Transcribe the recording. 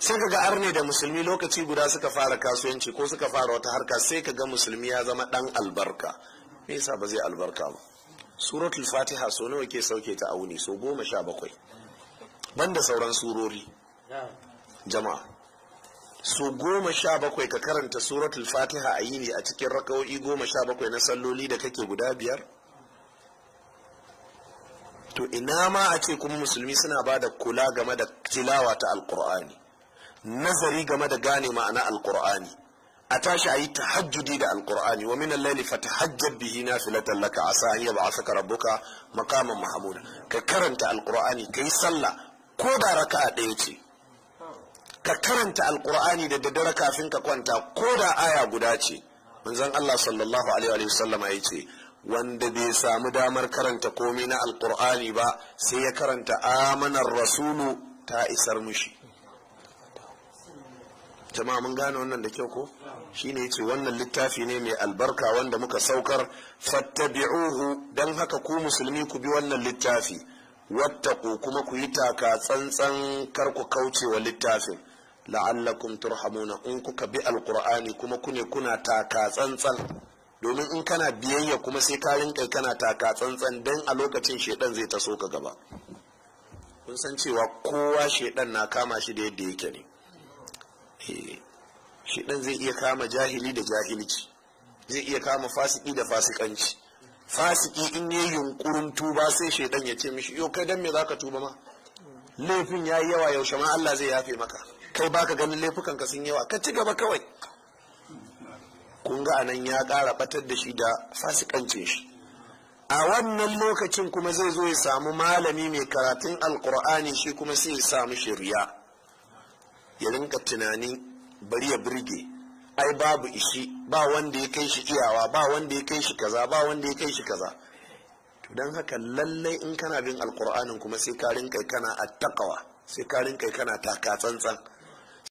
sai ka ga arne da musulmi lokaci guda suka fara kasuwanci ko suka fara wata harka sai ka ga musulmi ya zama dan albarka me yasa ba zai albarka ba suratul fatiha so nawa ke sauke ta auni so goma sha bakwai banda sauran surori jama'a so goma sha bakwai ka karanta suratul fatiha a ne a cikin raka'o'i goma sha bakwai na salloli da kake guda biyar to ina ma a ce kuma musulmi suna ba da kula game da tilawa ta alkur'ani nazari game da gane ma'ana alqur'ani a tashi a yi tahajjudi da alqur'ani wa min al-layli fatahajjab bihi nafilatan laka asa an yab'athaka rabbuka maqaman mahmuda ka karanta alqur'ani kai sallah ko da raka'a daya ce ka karanta alqur'ani da daddare kafin ka kwanta ko da aya guda ce manzon Allah sallallahu alaihi wa sallam ya ce, wanda bai samu damar karanta komai na alqur'ani ba sai ya karanta amanar rasulu ta isar mushi jama'a mun gane wannan da kyau ko shine yace wannan littafi ne mai albarka wanda muka saukar fattabi'uhu dan haka ku musulmi ku bi wannan littafi wattaqu kuma ku yi taka tsantsan kar ku kauce wa littafin la'allakum turhamuna in kuka bi alqur'ani kuma kune kuna taka tsantsan domin in kana biyayya kuma sai ka rinka kana taka tsantsan dan a lokacin shedan zai taso ka gaba kun san cewa kowa shedan na kama shi da yadda yake ne Eh, shi dan zai iya kama jahili da jahilci zai iya kama fasiki da fasikanci fasiki in yi yunkurin tuba sai shaidan ya ce mishi yau kai dan me zaka tuba ma laifin yayi yawa yaushe ma Allah zai yafe maka kai baka ganin laifukan ka sun yawa ka ci gaba kawai kun anan ya ƙara batar da shi da fasikancin shi a wannan lokacin kuma zai zo ya samu malami mai karatun alkur'ani shi kuma sai ya samu shirya ya rinka tunanin bari ya birge ai babu ishi ba wanda ya kai shi iyawa ba wanda ya kai shi kaza ba wanda ya kai shi kaza to don haka lallai in kana bin alkur'anin kuma sai ka rinka kana attaqwa sai ka rinka kana taka tsantsan